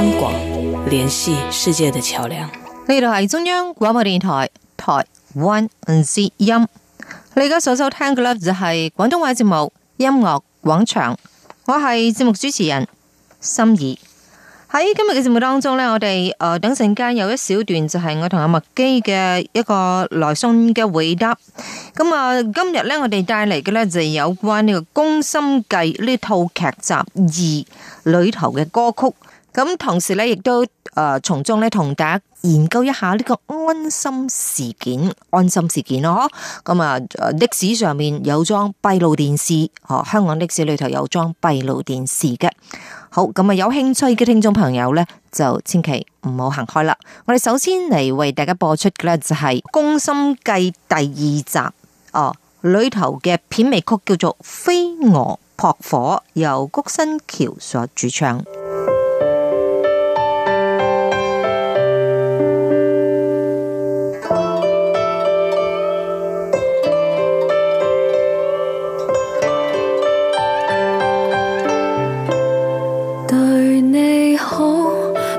香港聯繫世界的橋樑，呢度係中央廣播電台台灣之音。你而家所收聽嘅 love 就係廣東話節目《音樂廣場》，我係節目主持人心儀。喺今日嘅節目當中呢，我哋誒等陣間有一小段就係我同阿麥基嘅一個來信嘅回答。咁啊，今日呢，我哋帶嚟嘅呢，就係有關呢個《宮心計》呢套劇集二裏頭嘅歌曲。咁同時咧，亦都誒從中咧同大家研究一下呢個安心事件，安心事件咯。咁啊，的士上面有裝閉路電視，哦，香港的士裏頭有裝閉路電視嘅。好，咁啊，有興趣嘅聽眾朋友咧，就千祈唔好行開啦。我哋首先嚟為大家播出嘅咧、就是，就係《宮心計》第二集。哦、呃，裏頭嘅片尾曲叫做《飛蛾撲火》，由菊梓喬所主唱。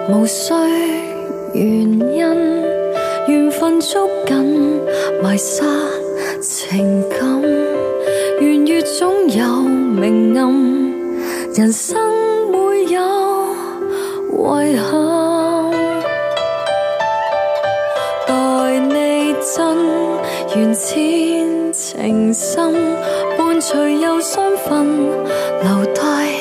無需原因，緣分捉緊，迷失情感。圓月總有明暗，人生會有遺憾。待你真，緣淺情深，伴隨又相分，留低。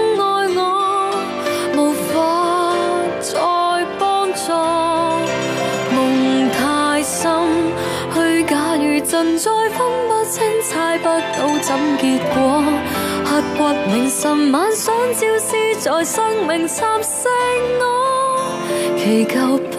存在分不清，猜不到怎結果，刻骨銘心，晚想朝思，在生命蠶食我，祈求。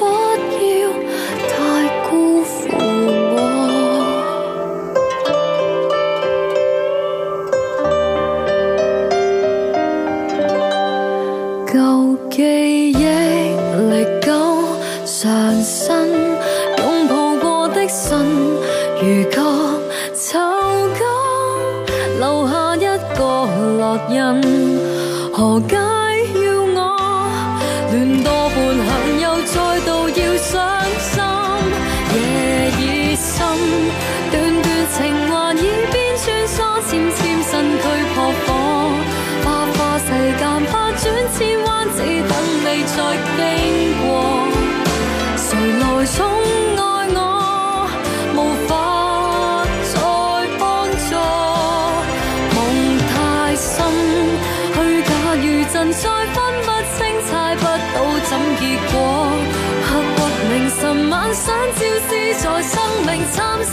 想照示在生命蠶食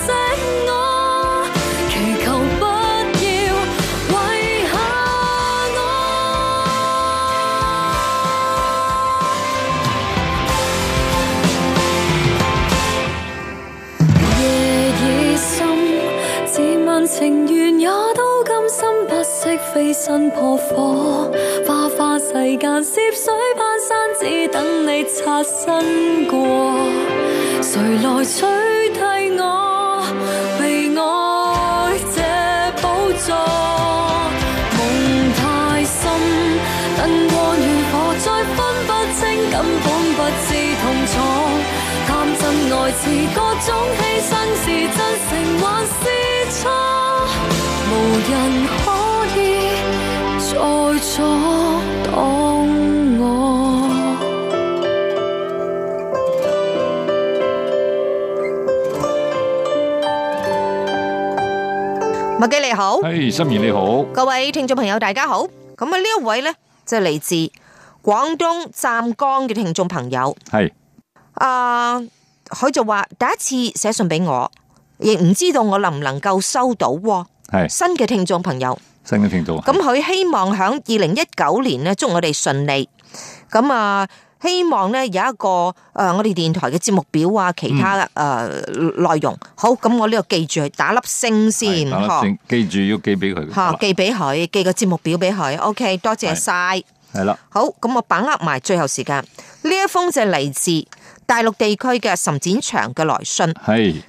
我，祈求不要遺下我。夜已深，自問情緣也都甘心不惜飛身撲火，花花世間涉水攀山，只等你擦身過。誰來取替我，被愛這寶座？夢太深，燈光如何再分不清感，根本不知痛楚。貪真愛是各種犧牲是真誠還是錯？無人可以再錯。麥基你好，嘿，心怡你好，各位聽眾朋友大家好，咁啊呢一位咧，即係嚟自廣東湛江嘅聽眾朋友，係，啊，佢就話第一次寫信俾我，亦唔知道我能唔能夠收到，係，新嘅聽眾朋友，新嘅聽眾，咁佢希望響二零一九年咧，祝我哋順利，咁啊。希望咧有一個誒，我哋電台嘅節目表啊，其他嘅誒內容。好，咁我呢度記住，打粒聲先。打粒聲，記住要寄俾佢。吓，寄俾佢，寄個節目表俾佢。OK，多謝晒。係啦。好，咁我把握埋最後時間。呢一封就嚟自大陸地區嘅岑展祥嘅來信。係。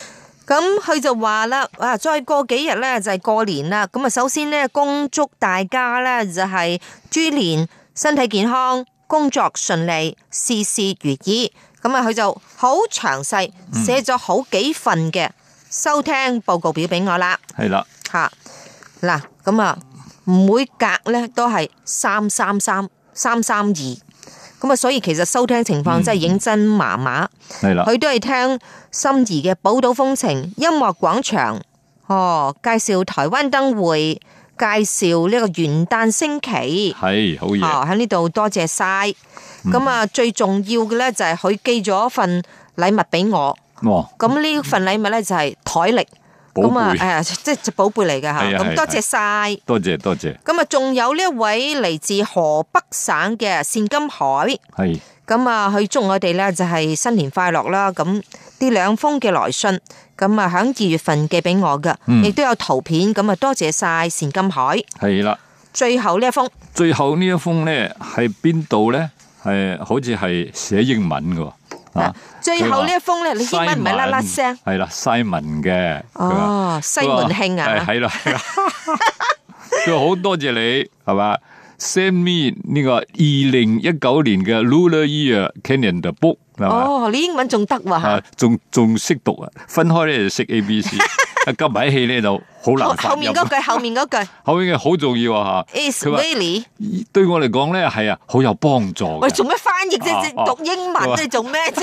咁佢就話啦，啊，再過幾日咧就係過年啦。咁啊，首先咧恭祝大家咧就係豬年身體健康。工作順利，事事如意。咁啊，佢就好詳細寫咗好幾份嘅收聽報告表俾我啦。係啦，吓嗱，咁啊，每格咧都係三三三三三二。咁啊，所以其實收聽情況真係認真麻麻。係啦，佢都係聽心儀嘅《寶島風情》音樂廣場哦，介紹台灣燈會。介紹呢個元旦升旗係好嘢，喺呢度多謝晒。咁、嗯、啊，最重要嘅咧就係佢寄咗份禮物俾我。咁、哦、呢份禮物咧就係台曆，咁啊誒，即係寶貝嚟嘅吓。咁多謝晒，多謝多謝。咁啊，仲有呢一位嚟自河北省嘅善金海，係。咁啊，佢祝我哋咧就係新年快樂啦！咁呢兩封嘅來信，咁啊喺二月份寄俾我噶，亦都有圖片。咁啊，多謝晒錢金海。係啦，最後呢一封，最後呢一封咧喺邊度咧？係好似係寫英文嘅。啊，最後呢一封咧，你英文唔係啦啦聲。係啦，西文嘅。哦，西門慶啊，係咯，佢好多謝你，係嘛？send me 呢個二零一九年嘅 lunar year calendar book 係嘛？哦，你英文仲得喎嚇，仲仲識讀啊！分開咧就識 A B C，一夾埋起咧就好難翻譯。後面嗰句，後面嗰句，後面嘅好重要嚇。Is really 對我嚟講咧係啊，好有幫助。喂，做咩翻譯啫？讀英文你做咩啫？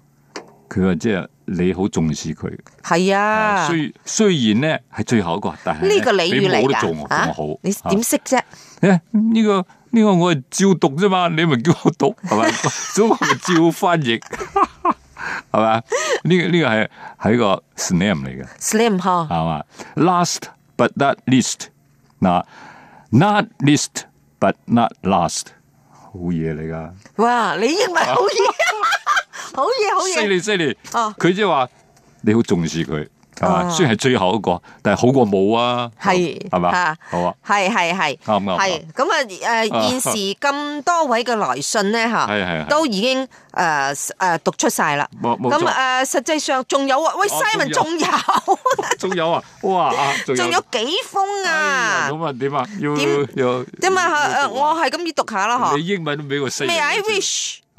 佢話即係你好重視佢，係啊,啊。雖雖然咧係最後一個，但係呢、這個俚語嚟比我都做我咁好。你點識啫？呢、這個呢、這個我係照讀啫嘛，你咪叫我讀係咪？ 所以我咪照翻譯係嘛。呢、 這個呢、這個係係一個 slam 嚟嘅 slam 嗬，係嘛。Last but not least，嗱，not least but not last，好嘢嚟噶。哇，你認為好嘢、啊？ 好嘢，好嘢！犀利，犀利！哦，佢即係話你好重視佢，係嘛？雖然係最後一個，但係好過冇啊，係係嘛？吓，好啊！係係係，係咁啊！誒，現時咁多位嘅來信咧，吓，係啊係啊，都已經誒誒讀出晒啦。冇冇咁啊！誒，實際上仲有啊，喂，Simon 仲有，仲有啊，哇，仲有幾封啊？咁啊？點啊？要點？咁啊？誒，我係咁樣讀下啦，嗬？你英文都比我犀利啊！I wish。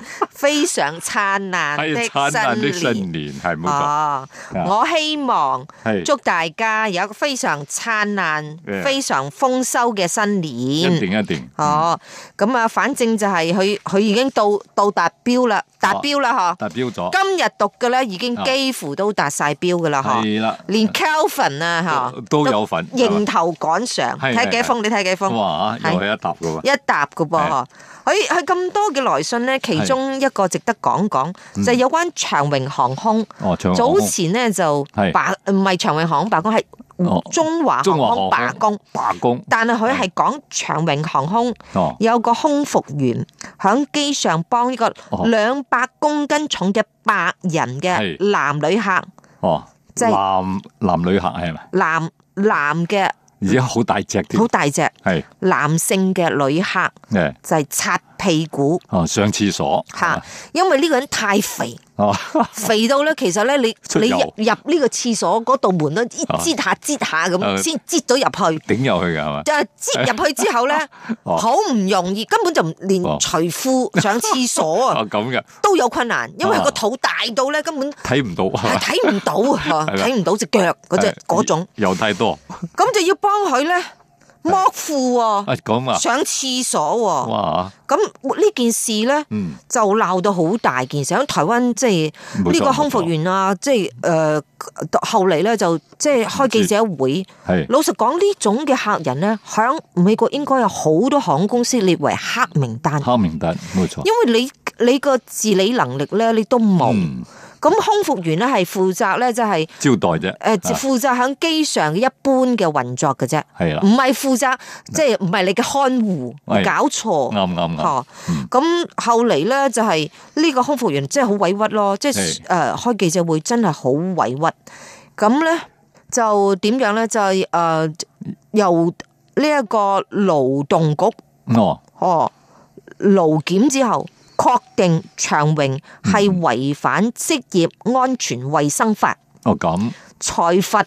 非常燦爛的新年，係冇錯。我希望祝大家有一個非常燦爛、非常豐收嘅新年。一定一定。哦，咁啊，反正就係佢佢已經到到達標啦，達標啦，嗬。達標咗，啊。今日讀嘅咧，已經幾乎都達晒標噶啦，嗬。係啦。連 Kelvin 啊都，都有份都迎頭趕上，睇幾封？你睇幾封？哇，又係一沓嘅喎。一沓嘅噃，佢佢咁多嘅來信咧，其中一個值得講講，嗯、就係、是、有關長榮航空。哦，長榮。早前咧就，係。罷唔係長榮航空，罷工，係中華航空罷工。罷工，工。但係佢係講長榮航空有個空服員響機上幫呢個兩百公斤重嘅白人嘅男旅客。哦。就男男旅客係咪？男男嘅。男而且好大隻，好大隻係男性嘅旅客，就係擦屁股，哦，上廁所，吓，因為呢個人太肥。 肥到咧，其實咧，你你入呢個廁所嗰度門一擠下擠下咁，先擠咗入去，頂入去噶係嘛？就係擠入去之後咧，好 唔容易，根本就唔連除褲上廁所 啊！咁嘅都有困難，因為個肚大到咧，根本睇唔 不到，睇 唔到，睇 唔、啊、到隻腳嗰隻嗰種又太多，咁就要幫佢咧。摸褲喎，上廁所喎、啊，咁呢件事咧、嗯、就鬧到好大件事。喺台灣，即係呢個空服員啊，即係誒後嚟咧就即係開記者會。係老實講，呢種嘅客人咧，響美國應該有好多航空公司列為黑名單。黑名單冇錯，因為你你個自理能力咧，你都冇。嗯咁空服員咧係負責咧，即、就、係、是、招待啫。誒、呃，負責喺機上一般嘅運作嘅啫。係啦，唔係負責，即係唔係你嘅看護，搞錯。啱啱啱。咁、嗯、後嚟咧就係、是、呢、這個空服員真係好委屈咯，即係誒開記者會真係好委屈。咁咧就點樣咧就係誒由呢一個勞動局哦哦勞檢之後。確定長榮係違反職業安全衛生法。哦，咁，裁罰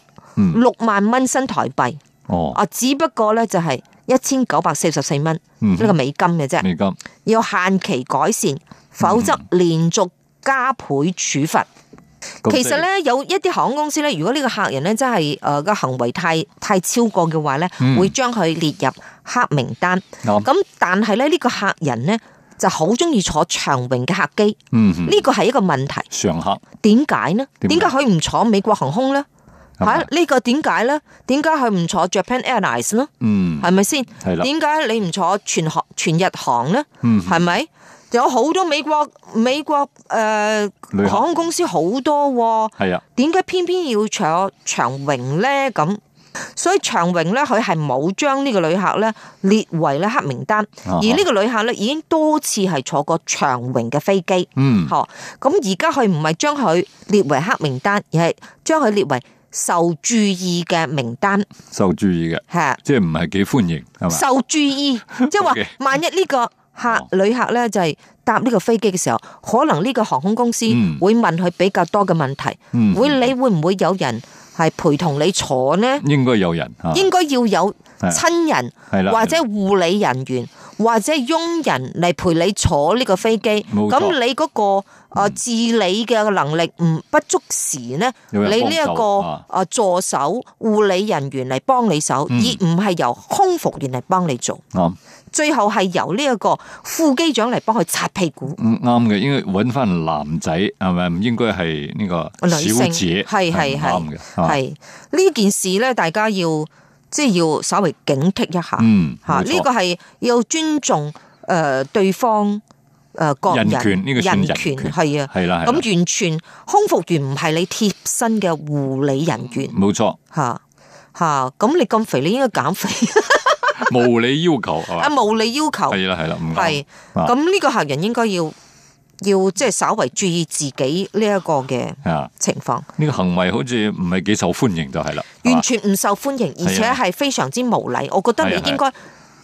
六萬蚊新台幣。哦，啊、嗯，哦，只不過咧就係一千九百四十四蚊呢個美金嘅啫。美金，要限期改善，否則連續加倍處罰，嗯。其實咧有一啲航空公司咧，如果呢個客人咧真係誒個行為太太超過嘅話咧，嗯，會將佢列入黑名單。咁、嗯、但係咧呢、這個客人咧。就好中意坐長榮嘅客機，呢個係一個問題。常客點解呢？點解佢唔坐美國航空呢？係呢、呢個點解呢？點解佢唔坐 Japan Airlines、nice、呢？嗯，係咪先？係啦，點解你唔坐全航全日航呢？嗯，係咪？有好多美國美國誒、呃、航空公司好多、哦，係啊。點解偏偏要坐長榮呢？咁？所以長榮咧，佢係冇將呢個旅客咧列為咧黑名單，啊、而呢個旅客咧已經多次係坐過長榮嘅飛機，嗯，嗬，咁而家佢唔係將佢列為黑名單，而係將佢列為受注意嘅名單，受注意嘅，係即係唔係幾歡迎係嘛？受注意，即係話萬一呢、呢個。 客旅客咧就係、是、搭呢個飛機嘅時候，可能呢個航空公司會問佢比較多嘅問題，會、嗯嗯嗯、你會唔會有人係陪同你坐呢？應該有人，啊、應該要有親人，或者護理人員的或者傭人嚟陪你坐呢個飛機。咁你嗰、那個啊自、嗯、理嘅能力唔不足時呢？你呢、這、一個啊助手護理人員嚟幫你手、嗯，而唔係由空服員嚟幫你做。嗯嗯最後係由呢一個副機長嚟幫佢擦屁股嗯。嗯，啱嘅，應該揾翻男仔係咪？唔應該係呢個女性。係係係啱嘅，係呢件事咧，大家要即係要稍微警惕一下。嗯，吓呢個係要尊重誒對方誒個、呃呃、人人權呢、呢個人權係啊係啦，咁完全空服員唔係你貼身嘅護理人員。冇錯，吓吓咁你咁肥，你應該減肥。 無理要求啊！ 無理要求係啦，係啦，啊，係咁呢個客人應該要要即係稍為注意自己呢一個嘅情況。呢，啊這個行為好似唔係幾受歡迎就係啦，完全唔受歡迎，而且係非常之無禮，啊。我覺得你應該、啊。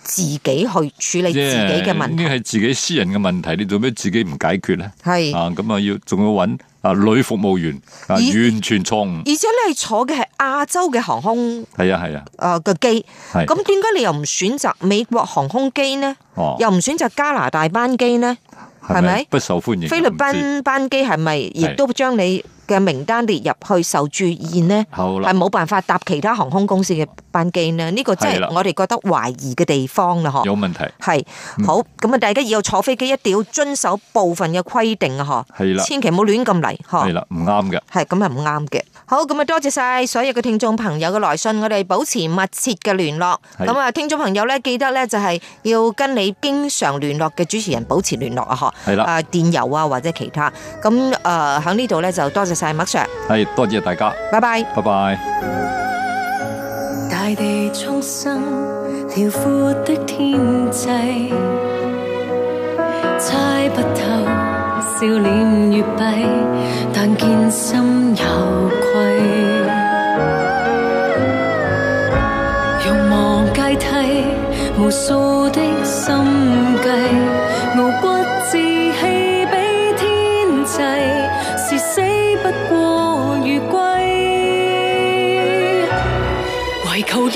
自己去處理自己嘅問題，已經係自己私人嘅問題，你做咩自己唔解決咧？係啊，咁啊要仲要揾啊女服務員啊，完全錯誤。而且你係坐嘅係亞洲嘅航空，係啊係啊，誒個機，咁點解你又唔選擇美國航空機呢？哦，又唔選擇加拿大班機呢？係咪不受歡迎？菲律賓班機係咪亦都將你？嘅名單列入去受注，然呢係冇辦法搭其他航空公司嘅班機呢？呢、呢個真係我哋覺得懷疑嘅地方啦，嗬。有問題係、嗯、好，咁啊，大家以後坐飛機一定要遵守部分嘅規定啊，嗬。係啦，千祈唔好亂咁嚟，嗬。係啦，唔啱嘅，係咁係唔啱嘅。好，咁啊，多謝晒所有嘅聽眾朋友嘅來信，我哋保持密切嘅聯絡。咁啊，聽眾朋友咧，記得咧就係、係、要跟你經常聯絡嘅主持人保持聯絡啊，嗬。係啦，啊電郵啊，或者其他，咁誒，響、呃、呢度咧就多謝。晒麥 Sir，係多謝大家，拜拜，拜拜。大地蒼生遼闊的天際，猜不透笑臉與悲，但見心有愧。慾望階梯無數的心。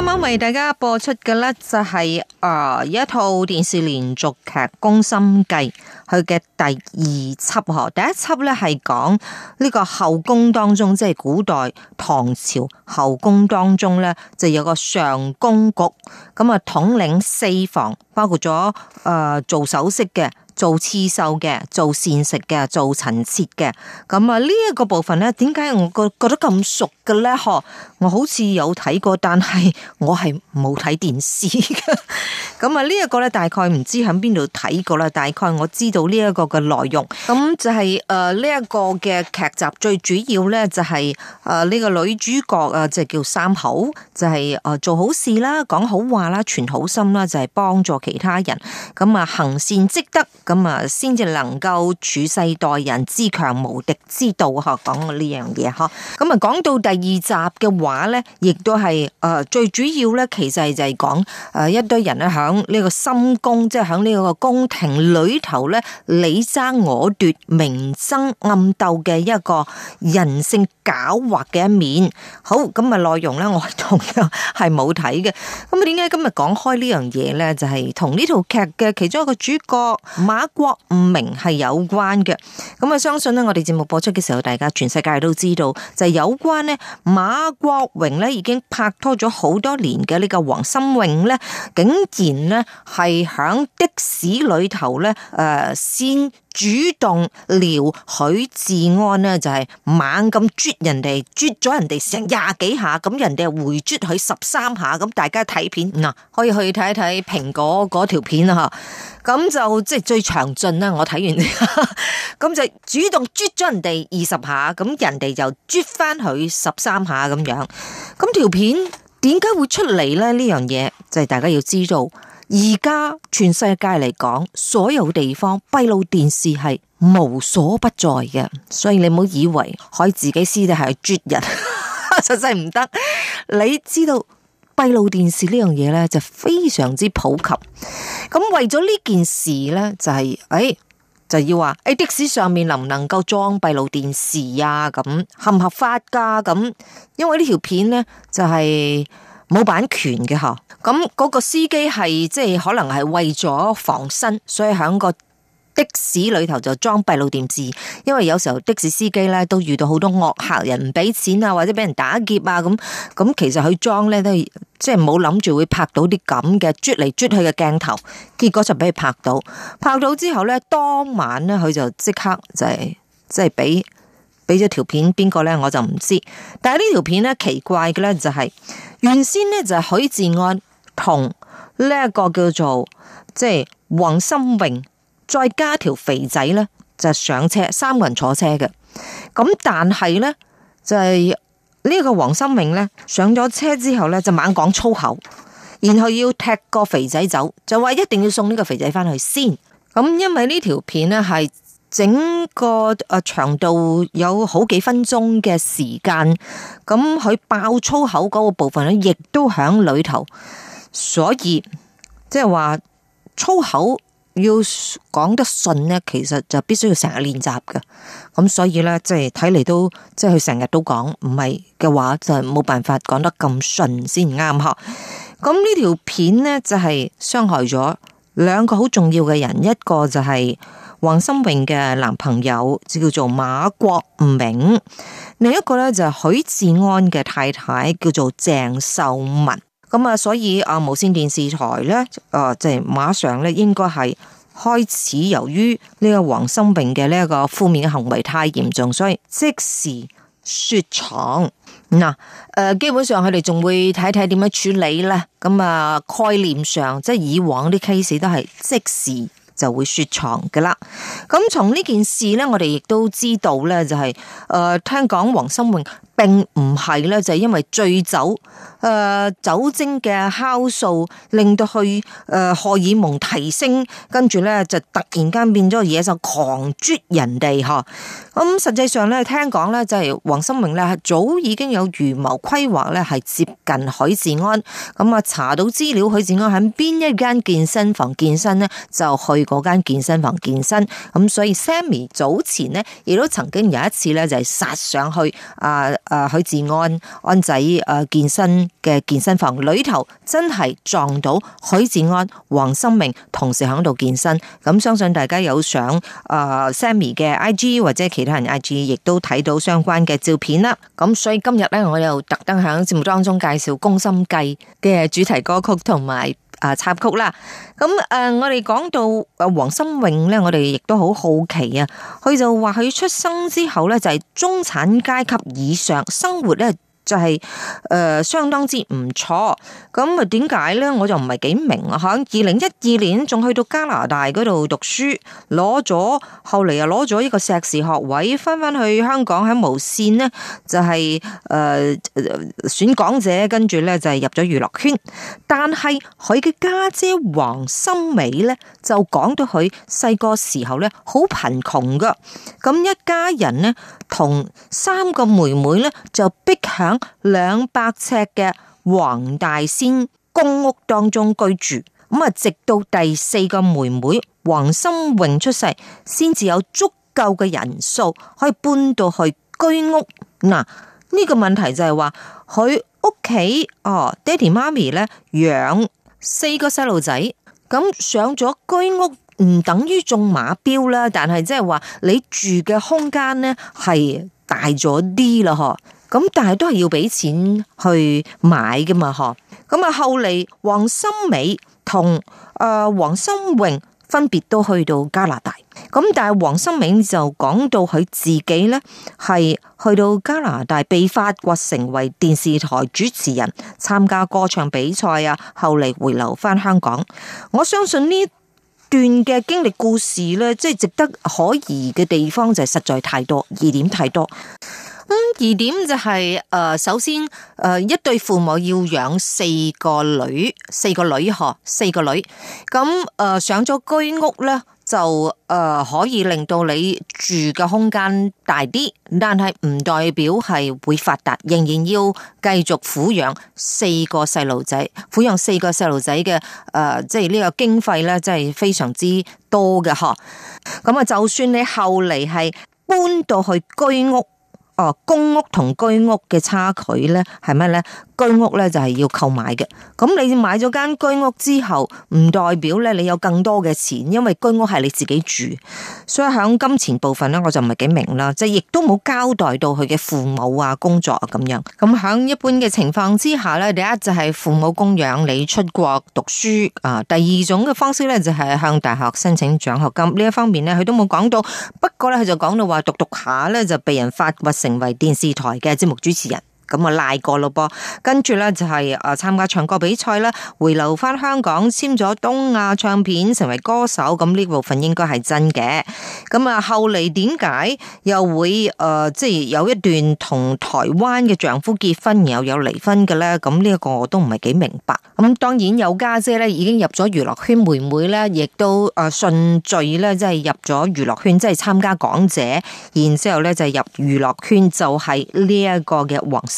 今晚為大家播出嘅咧就係誒一套電視連續劇《宮心計》，佢嘅第二輯，第一輯咧係講呢個後宮當中，即係古代唐朝後宮當中咧就有個上宮局，咁啊統領四房。包括咗誒、呃、做首飾嘅、做刺繡嘅、做膳食嘅、做陳設嘅。咁啊呢一個部分咧，點解我覺覺得咁熟嘅咧？嗬，我好似有睇過，但係我係冇睇電視的。嘅咁啊呢一個咧，大概唔知響邊度睇過啦。大概我知道呢一個嘅內容。咁、嗯、就係誒呢一個嘅劇集，最主要咧就係誒呢個女主角啊，即、呃、係、就是、叫三好就係、是、誒、呃、做好事啦、講好話啦、存好心啦，就係、是、幫助。其他人咁啊，行善積德咁啊，先至能夠處世待人之強無敵之道嗬，講嘅呢樣嘢嗬。咁啊，講到第二集嘅話咧，亦都係誒最主要咧，其實就係講誒一堆人咧響呢個深宮，即係響呢個宮廷裏頭咧，你爭我奪、明爭暗鬥嘅一個人性狡猾嘅一面。好，咁啊內容咧，我同樣係冇睇嘅。咁啊，點解今日講開呢樣嘢咧？就係、是。同呢套劇嘅其中一個主角馬國明係有關嘅，咁啊相信呢，我哋節目播出嘅時候，大家全世界都知道，就係有關呢馬國榮呢已經拍拖咗好多年嘅呢個黃心穎呢竟然呢係響的士裏頭呢誒先。主動撩許志安呢，就係、是、猛咁啜人哋啜咗人哋成廿幾下，咁人哋回啜佢十三下，咁大家睇片嗱、嗯，可以去睇睇蘋果嗰條片啦吓，咁就即係最詳盡啦。我睇完，咁 就主動啜咗人哋二十下，咁人哋就啜翻佢十三下咁樣，咁條片點解會出嚟咧？呢樣嘢就係、是、大家要知道。而家全世界嚟講，所有地方閉路電視係無所不在嘅，所以你唔好以為可以自己私底下去絕人，呵呵實際唔得。你知道閉路電視這件事呢樣嘢咧，就非常之普及，咁為咗呢件事咧，就係、是，誒、哎、就要話，誒、哎、的士上面能唔能夠裝閉路電視啊？咁合唔合法噶、啊？咁因為條呢條片咧就係、是。冇版權嘅吓，咁、那、嗰個司機係即係可能係為咗防身，所以喺個的士裏頭就裝閉路電視。因為有時候的士司機咧都遇到好多惡客人唔俾錢啊，或者俾人打劫啊咁。咁其實佢裝咧都即係冇諗住會拍到啲咁嘅啜嚟啜去嘅鏡頭，結果就俾佢拍到。拍到之後咧，當晚咧佢就即刻就係即係俾。就係俾咗條片，邊個咧我就唔知。但係呢條片咧奇怪嘅咧就係，原先咧就係許志安同呢一個叫做即係黃心穎，再加條肥仔咧就係上車，三個人坐車嘅。咁但係咧就係呢個黃心穎咧上咗車之後咧就猛講粗口，然後要踢個肥仔走，就話一定要送呢個肥仔翻去先。咁因為條呢條片咧係。整個誒長度有好幾分鐘嘅時間，咁佢爆粗口嗰個部分咧，亦都喺裏頭。所以即係、就是、話粗口要講得順咧，其實就必須要成日練習㗎。咁所以咧，即係睇嚟都即係佢成日都講唔係嘅話，就冇、是就是、辦法講得咁順先啱吓。咁呢條片咧就係、是、傷害咗兩個好重要嘅人，一個就係、是。黃心穎嘅男朋友就叫做馬國明，另一個咧就係許志安嘅太太叫做鄭秀文。咁啊，所以啊無綫電視台咧啊，即係馬上咧應該係開始，由於呢個黃心穎嘅呢一個負面嘅行為太嚴重，所以即時雪藏。嗱，誒，基本上佢哋仲會睇睇點樣處理咧。咁啊，概念上即係以往啲 case 都係即時。就會雪藏噶啦，咁從呢件事咧，我哋亦都知道咧，就係、是、誒、呃，聽講黃心穎。並唔係咧，就係、是、因為醉酒，誒、呃、酒精嘅酵素令到佢誒荷爾蒙提升，跟住咧就突然間變咗野獸，就狂啜人哋。咁實際上咧，聽講咧就係黃心穎咧早已經有預謀規劃咧，係接近許志安。咁、嗯、啊查到資料，許志安喺邊一間健身房健身咧，就去嗰間健身房健身。咁所以 Sammy 早前呢，亦都曾經有一次咧就係、是、殺上去啊！呃誒、啊，許志安安仔、啊、健身嘅健身房裏頭真係撞到許志安、黃心穎同時喺度健身，咁相信大家有上誒 Sammy 嘅 IG 或者其他人 IG 亦都睇到相關嘅照片啦。咁所以今日咧，我又特登喺節目當中介紹《宮心計》嘅主題歌曲同埋。插曲啦，咁我哋講到誒黃心穎呢，我哋亦都好好奇啊，佢就話佢出生之後呢，就係中產階級以上，生活呢。就係、是、誒、呃、相當之唔錯，咁啊點解咧？我就唔係幾明啊，響二零一二年仲去到加拿大度讀書，攞咗後嚟，又攞咗一個碩士學位，翻返去香港喺無綫咧就係、是、誒、呃、選港姐，跟住咧就係入咗娛樂圈。但係佢嘅家姐黃心美咧就講到佢細個時候咧好貧窮，噶，咁一家人咧同三個妹妹咧就逼響。兩百尺嘅黃大仙公屋當中居住，咁啊，直到第四個妹妹黃心穎出世，先至有足夠嘅人數可以搬到去居屋。嗱，呢個問題就係話佢屋企哦，爹哋媽咪咧養四個細路仔，咁上咗居屋唔等於中馬標啦，但係即係話你住嘅空間咧係大咗啲啦，嗬。咁但係都係要俾錢去買噶嘛，嗬！咁啊，後嚟黃心美同誒黃心穎分別都去到加拿大。咁但係黃心穎就講到佢自己呢，係去到加拿大被發掘成為電視台主持人，參加歌唱比賽啊。後嚟回流翻香港，我相信呢段嘅經歷故事呢，即係值得可疑嘅地方就係實在太多疑點太多。咁二點就係、是、誒，首先誒，一對父母要養四個女，四個女嗬，四個女咁誒，上咗居屋呢，就誒、呃、可以令到你住嘅空間大啲，但係唔代表係會發達，仍然要繼續撫養四個細路仔，撫養四個細路仔嘅誒，即係呢個經費呢，真、就、係、是、非常之多嘅嗬。咁啊，就算你後嚟係搬到去居屋。哦，公屋同居屋嘅差距咧，係咩咧？居屋咧就係要購買嘅，咁你買咗間居屋之後，唔代表咧你有更多嘅錢，因為居屋係你自己住，所以喺金錢部分咧，我就唔係幾明啦。即係亦都冇交代到佢嘅父母啊、工作啊咁樣。咁喺一般嘅情況之下咧，第一就係父母供養你出國讀書啊，第二種嘅方式咧就係向大學申請獎學金呢一方面咧，佢都冇講到。不過咧，佢就講到話讀讀下咧就被人發掘成為電視台嘅節目主持人。咁啊，賴過咯噃，跟住咧就係，誒參加唱歌比賽啦，回流翻香港簽咗東亞唱片成為歌手，咁呢部分應該係真嘅。咁啊，後嚟點解又會誒即係有一段同台灣嘅丈夫結婚，然後有離婚嘅咧？咁呢一個我都唔係幾明白。咁當然有家姐咧已經入咗娛樂圈，妹妹咧亦都誒順序咧即係入咗娛樂圈，即係參加港姐，然之後咧就係入娛樂圈就係呢一個嘅黃色。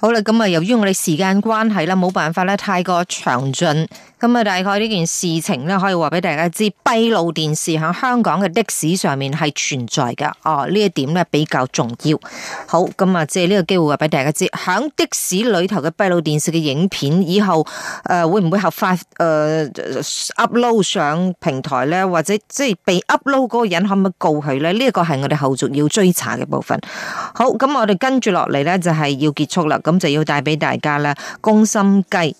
好啦，咁啊，由於我哋時間關係啦，冇辦法咧太過詳盡，咁啊，大概呢件事情咧，可以話俾大家知，閉路電視響香港嘅的，的士上面係存在噶，哦，呢一點咧比較重要。好，咁啊，借呢個機會話俾大家知，響的士裏頭嘅閉路電視嘅影片，以後誒、呃、會唔會合法誒、呃、upload 上平台咧？或者即係被 upload 嗰個人可唔可以告佢咧？呢、這、一個係我哋後續要追查嘅部分。好，咁我哋跟住落嚟咧就係要結束啦。咁就要帶俾大家啦，公計《宮心計》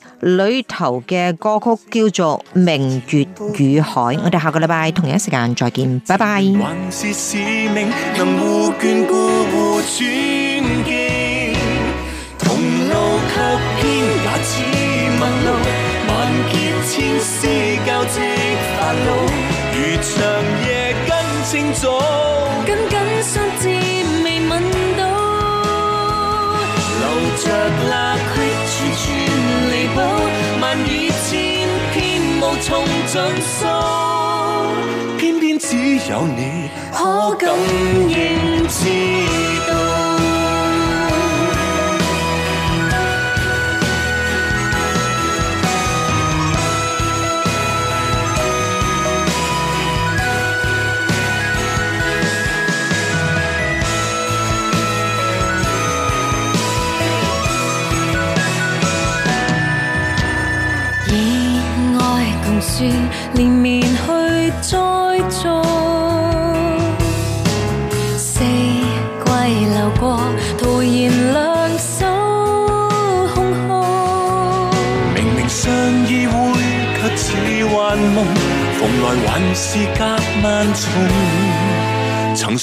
裏頭嘅歌曲叫做《明月與海》。我哋下個禮拜同一時間再見，拜拜。 痛盡心，偏偏只有你可感應知。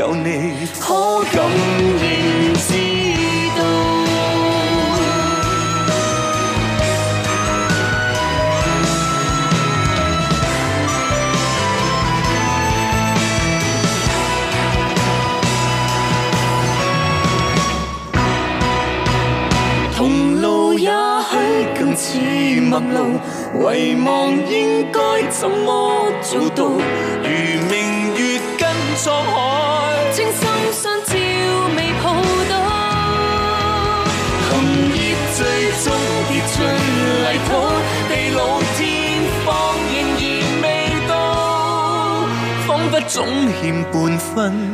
有你，可感應知道。同路也許更似陌路，遺忘應該怎麼做到？如明月跟錯。總欠半分。